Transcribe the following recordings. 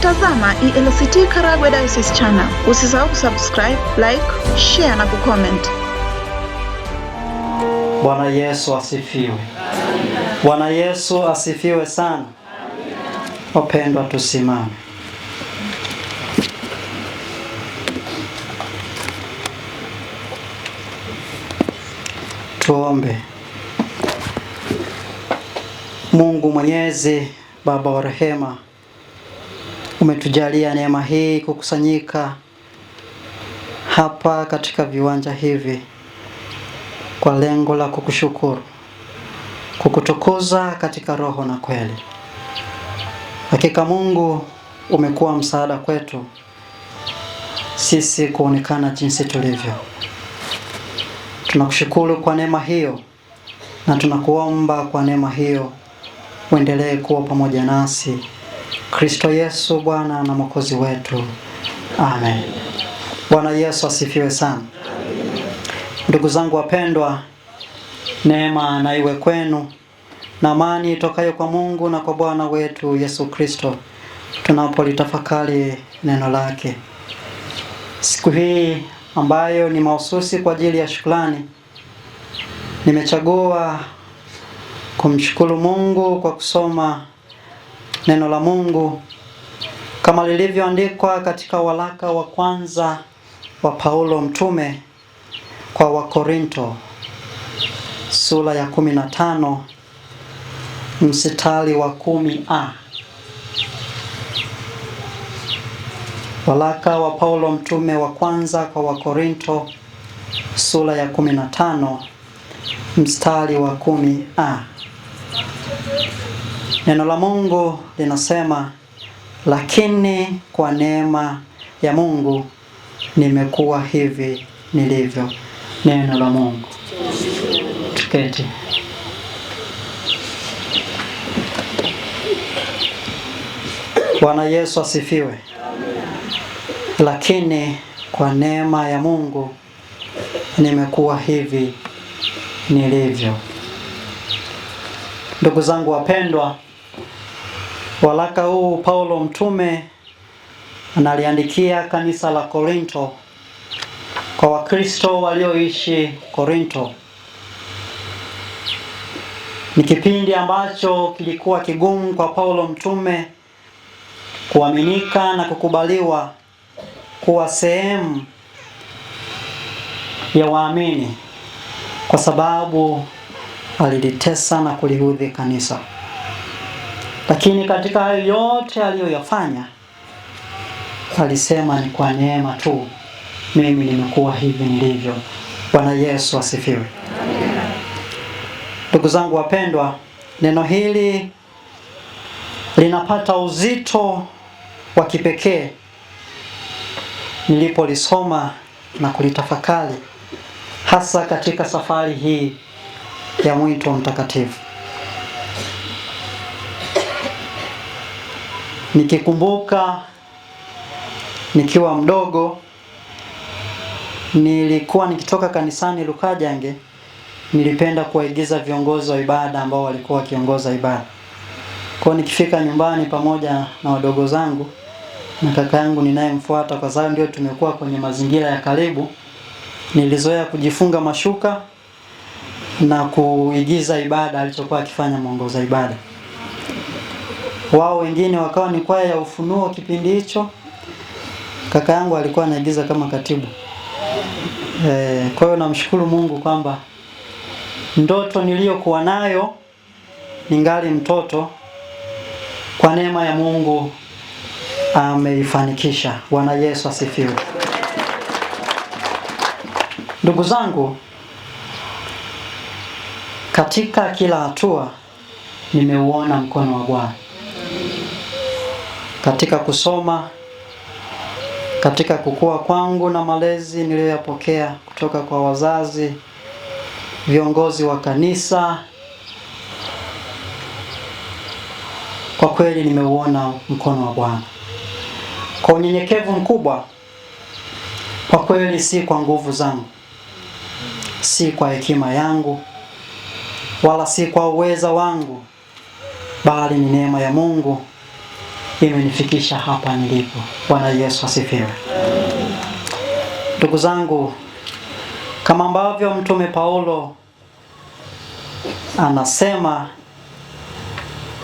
Unatazama ELCT Karagwe Diocese Channel. Usisahau kusubscribe, like, share na kucomment. Bwana Yesu asifiwe. Bwana Yesu asifiwe sana. Wapendwa, tusimame. Tuombe. Mungu Mwenyezi, Baba wa rehema umetujalia neema hii kukusanyika hapa katika viwanja hivi kwa lengo la kukushukuru, kukutukuza katika roho na kweli. Hakika Mungu umekuwa msaada kwetu sisi kuonekana jinsi tulivyo. Tunakushukuru kwa neema hiyo na tunakuomba kwa neema hiyo uendelee kuwa pamoja nasi Kristo Yesu Bwana na Mwokozi wetu. Amen. Bwana Yesu asifiwe sana. Ndugu zangu wapendwa, neema na iwe kwenu na amani itokayo kwa Mungu na kwa Bwana wetu Yesu Kristo. Tunapolitafakari neno lake siku hii ambayo ni mahususi kwa ajili ya shukrani, nimechagua kumshukuru Mungu kwa kusoma Neno la Mungu kama lilivyoandikwa katika waraka wa kwanza wa Paulo mtume kwa Wakorinto sura ya 15 mstari wa 10a. Waraka wa Paulo mtume wa kwanza kwa Wakorinto sura ya 15 mstari wa 10a. Neno la Mungu linasema, lakini kwa neema ya Mungu nimekuwa hivi nilivyo. Neno la Mungu. Tuketi. Bwana Yesu asifiwe. Amen. Lakini kwa neema ya Mungu nimekuwa hivi nilivyo. Ndugu zangu wapendwa, Waraka huu Paulo mtume analiandikia kanisa la Korinto kwa Wakristo walioishi Korinto. Ni kipindi ambacho kilikuwa kigumu kwa Paulo mtume kuaminika na kukubaliwa kuwa sehemu ya waamini kwa sababu alilitesa na kulihudhi kanisa. Lakini katika hayo yote aliyoyafanya, alisema ni kwa neema tu mimi nimekuwa hivi nilivyo. Bwana Yesu asifiwe. Ndugu zangu wapendwa, neno hili linapata uzito wa kipekee nilipolisoma na kulitafakari hasa katika safari hii ya mwito mtakatifu. Nikikumbuka nikiwa mdogo nilikuwa nikitoka kanisani Lukajange, nilipenda kuwaigiza viongozi wa ibada ambao walikuwa wakiongoza ibada. Kwa nikifika nyumbani pamoja na wadogo zangu na kaka yangu ninayemfuata, kwa sababu ndio tumekuwa kwenye mazingira ya karibu, nilizoea kujifunga mashuka na kuigiza ibada alichokuwa akifanya mwongoza ibada wao wengine wakawa ni kwaya ya Ufunuo kipindi hicho. Kaka yangu alikuwa anaigiza kama katibu. E, kwa hiyo namshukuru Mungu kwamba ndoto niliyokuwa nayo ningali mtoto kwa neema ya Mungu ameifanikisha. Bwana Yesu asifiwe. Ndugu zangu, katika kila hatua nimeuona mkono wa Bwana katika kusoma, katika kukua kwangu na malezi niliyoyapokea kutoka kwa wazazi, viongozi wa kanisa, kwa kweli nimeuona mkono wa Bwana kwa unyenyekevu mkubwa. Kwa kweli, si kwa nguvu zangu, si kwa hekima yangu, wala si kwa uweza wangu, bali ni neema ya Mungu imenifikisha hapa nilipo. Bwana Yesu asifiwe. Ndugu zangu, kama ambavyo mtume Paulo anasema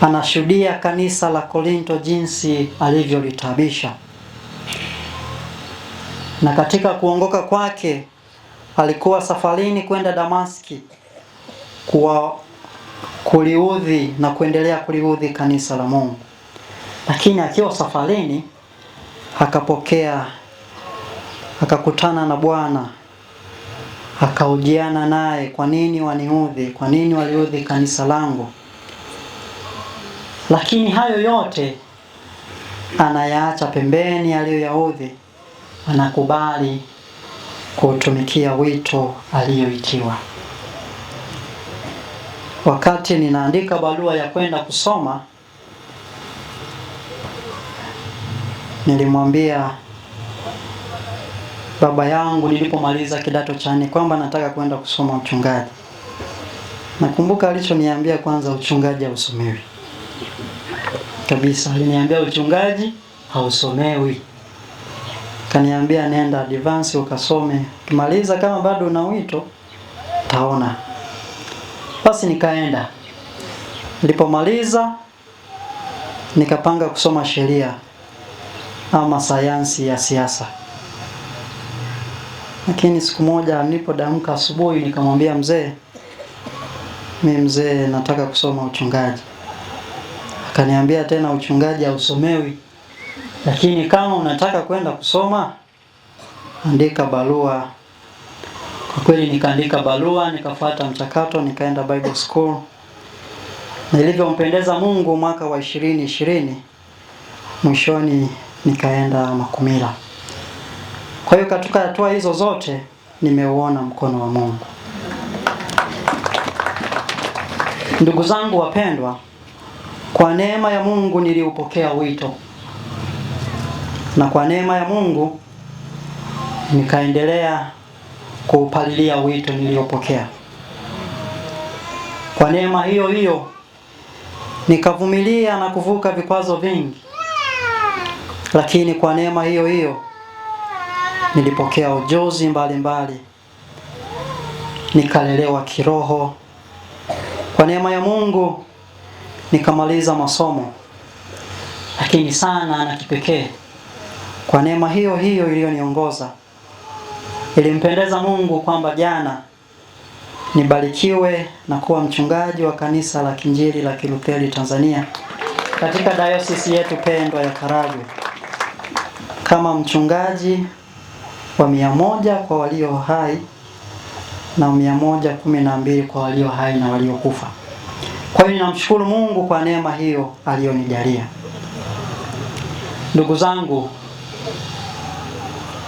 anashuhudia kanisa la Korinto jinsi alivyolitabisha, na katika kuongoka kwake alikuwa safarini kwenda Damaski kuwa kuliudhi na kuendelea kuliudhi kanisa la Mungu. Lakini akiwa safarini akapokea, akakutana na Bwana, akaujiana naye, kwa nini waniudhi? Kwa nini waliudhi kanisa langu? Lakini hayo yote anayaacha pembeni aliyoyaudhi, anakubali kutumikia wito aliyoitiwa. Wakati ninaandika barua ya kwenda kusoma nilimwambia baba yangu nilipomaliza kidato cha nne kwamba nataka kwenda kusoma uchungaji. Nakumbuka alichoniambia kwanza, uchungaji hausomewi kabisa. Aliniambia uchungaji hausomewi, kaniambia nenda advance ukasome, ukimaliza kama bado una wito taona. Basi nikaenda, nilipomaliza nikapanga kusoma sheria ama sayansi ya siasa. Lakini siku moja nilipodamka asubuhi, nikamwambia mzee, mi mzee, nataka kusoma uchungaji. Akaniambia tena, uchungaji hausomewi, lakini kama unataka kwenda kusoma andika barua. Kwa kweli nikaandika barua, nikafuata mchakato, nikaenda Bible School na ilivyompendeza Mungu, mwaka wa ishirini ishirini mwishoni nikaenda Makumila. Kwa hiyo katika hatua hizo zote nimeuona mkono wa Mungu. Ndugu zangu wapendwa, kwa neema ya Mungu niliupokea wito, na kwa neema ya Mungu nikaendelea kuupalilia wito niliopokea. Kwa neema hiyo hiyo nikavumilia na kuvuka vikwazo vingi lakini kwa neema hiyo hiyo nilipokea ujuzi mbalimbali, nikalelewa kiroho. Kwa neema ya Mungu nikamaliza masomo, lakini sana na kipekee, kwa neema hiyo hiyo iliyoniongoza ilimpendeza Mungu kwamba jana nibarikiwe na kuwa mchungaji wa kanisa la Kinjili la Kilutheri Tanzania katika dayosisi yetu pendwa ya Karagwe kama mchungaji wa mia moja kwa walio hai na mia moja kumi na mbili kwa walio hai na waliokufa. Kwa hiyo ninamshukuru Mungu kwa neema hiyo aliyonijalia. Ndugu zangu,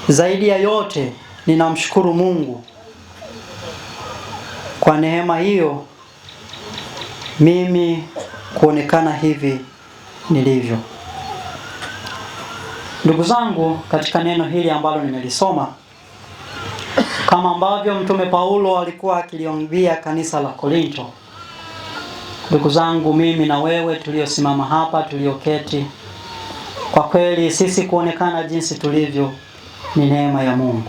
zaidi ya yote ninamshukuru Mungu kwa neema hiyo mimi kuonekana hivi nilivyo. Ndugu zangu, katika neno hili ambalo nimelisoma, kama ambavyo mtume Paulo alikuwa akiliongea kanisa la Korinto, ndugu zangu, mimi na wewe tuliosimama hapa, tulioketi, kwa kweli sisi kuonekana jinsi tulivyo ni neema ya Mungu.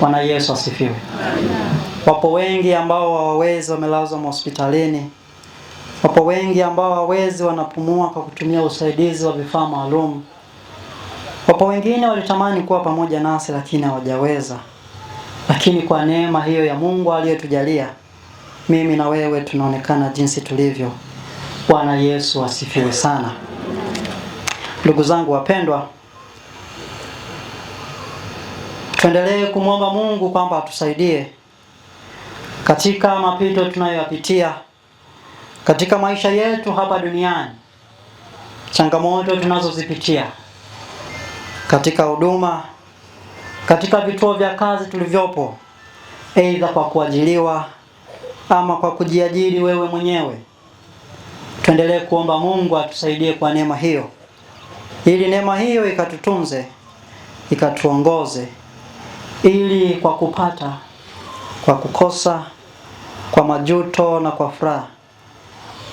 Bwana Yesu asifiwe. Wapo wengi ambao hawawezi, wamelazwa hospitalini. Wapo wengi ambao hawawezi, wanapumua kwa kutumia usaidizi wa vifaa maalum Wapo wengine walitamani kuwa pamoja nasi lakini hawajaweza. Lakini kwa neema hiyo ya Mungu aliyotujalia, mimi na wewe tunaonekana jinsi tulivyo. Bwana Yesu asifiwe sana. Ndugu zangu wapendwa, tuendelee kumwomba Mungu kwamba atusaidie katika mapito tunayoyapitia katika maisha yetu hapa duniani, changamoto tunazozipitia katika huduma, katika vituo vya kazi tulivyopo, aidha kwa kuajiliwa ama kwa kujiajiri wewe mwenyewe. Tuendelee kuomba Mungu atusaidie kwa neema hiyo, ili neema hiyo ikatutunze, ikatuongoze, ili kwa kupata, kwa kukosa, kwa majuto na kwa furaha,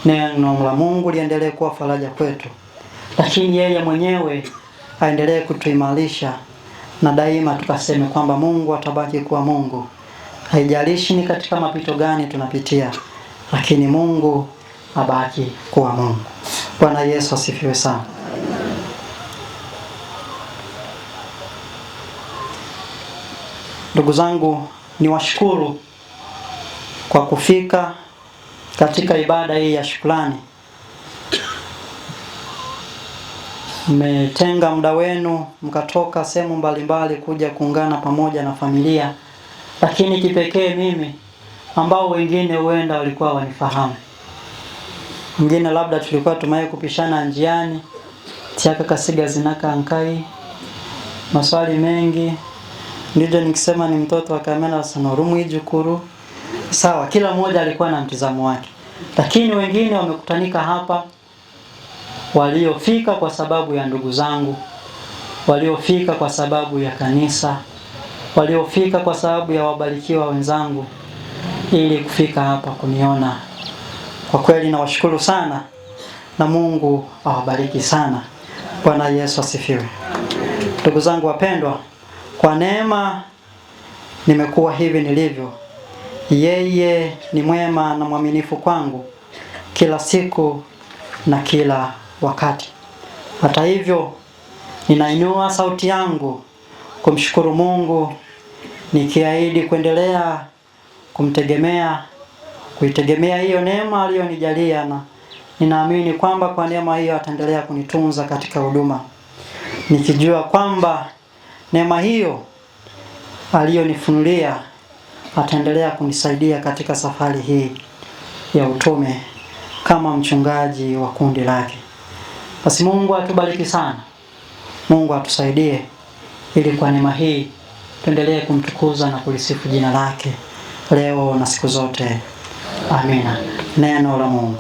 neno la Mungu liendelee kuwa faraja kwetu, lakini yeye mwenyewe aendelee kutuimarisha na daima tukaseme kwamba Mungu atabaki kuwa Mungu. Haijalishi ni katika mapito gani tunapitia, lakini Mungu abaki kuwa Mungu. Bwana Yesu asifiwe sana. Ndugu zangu, niwashukuru kwa kufika katika ibada hii ya shukrani. mmetenga muda wenu mkatoka sehemu mbalimbali kuja kuungana pamoja na familia, lakini kipekee mimi ambao wengine huenda walikuwa wanifahamu, wengine labda tulikuwa tumaye kupishana njiani, tiaka kasiga zinaka ankai maswali mengi, ndijo nikisema ni mtoto wa kamera sanorumu ijukuru. Sawa, kila mmoja alikuwa na mtizamo wake, lakini wengine wamekutanika hapa waliofika kwa sababu ya ndugu zangu, waliofika kwa sababu ya kanisa, waliofika kwa sababu ya wabarikiwa wenzangu, ili kufika hapa kuniona. Kwa kweli nawashukuru sana na Mungu awabariki sana. Bwana Yesu asifiwe. Ndugu zangu wapendwa, kwa neema nimekuwa hivi nilivyo. Yeye ni mwema na mwaminifu kwangu kila siku na kila wakati. Hata hivyo, ninainua sauti yangu kumshukuru Mungu nikiahidi kuendelea kumtegemea, kuitegemea hiyo neema aliyonijalia, na ninaamini kwamba kwa neema hiyo ataendelea kunitunza katika huduma, nikijua kwamba neema hiyo aliyonifunulia ataendelea kunisaidia katika safari hii ya utume kama mchungaji wa kundi lake. Basi Mungu atubariki sana, Mungu atusaidie ili kwa neema hii tuendelee kumtukuza na kulisifu jina lake leo na siku zote. Amina. Neno la Mungu.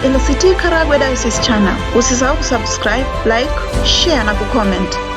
ELCT Karagwe Diocese Channel. Usisahau kusubscribe, like, share na kucomment.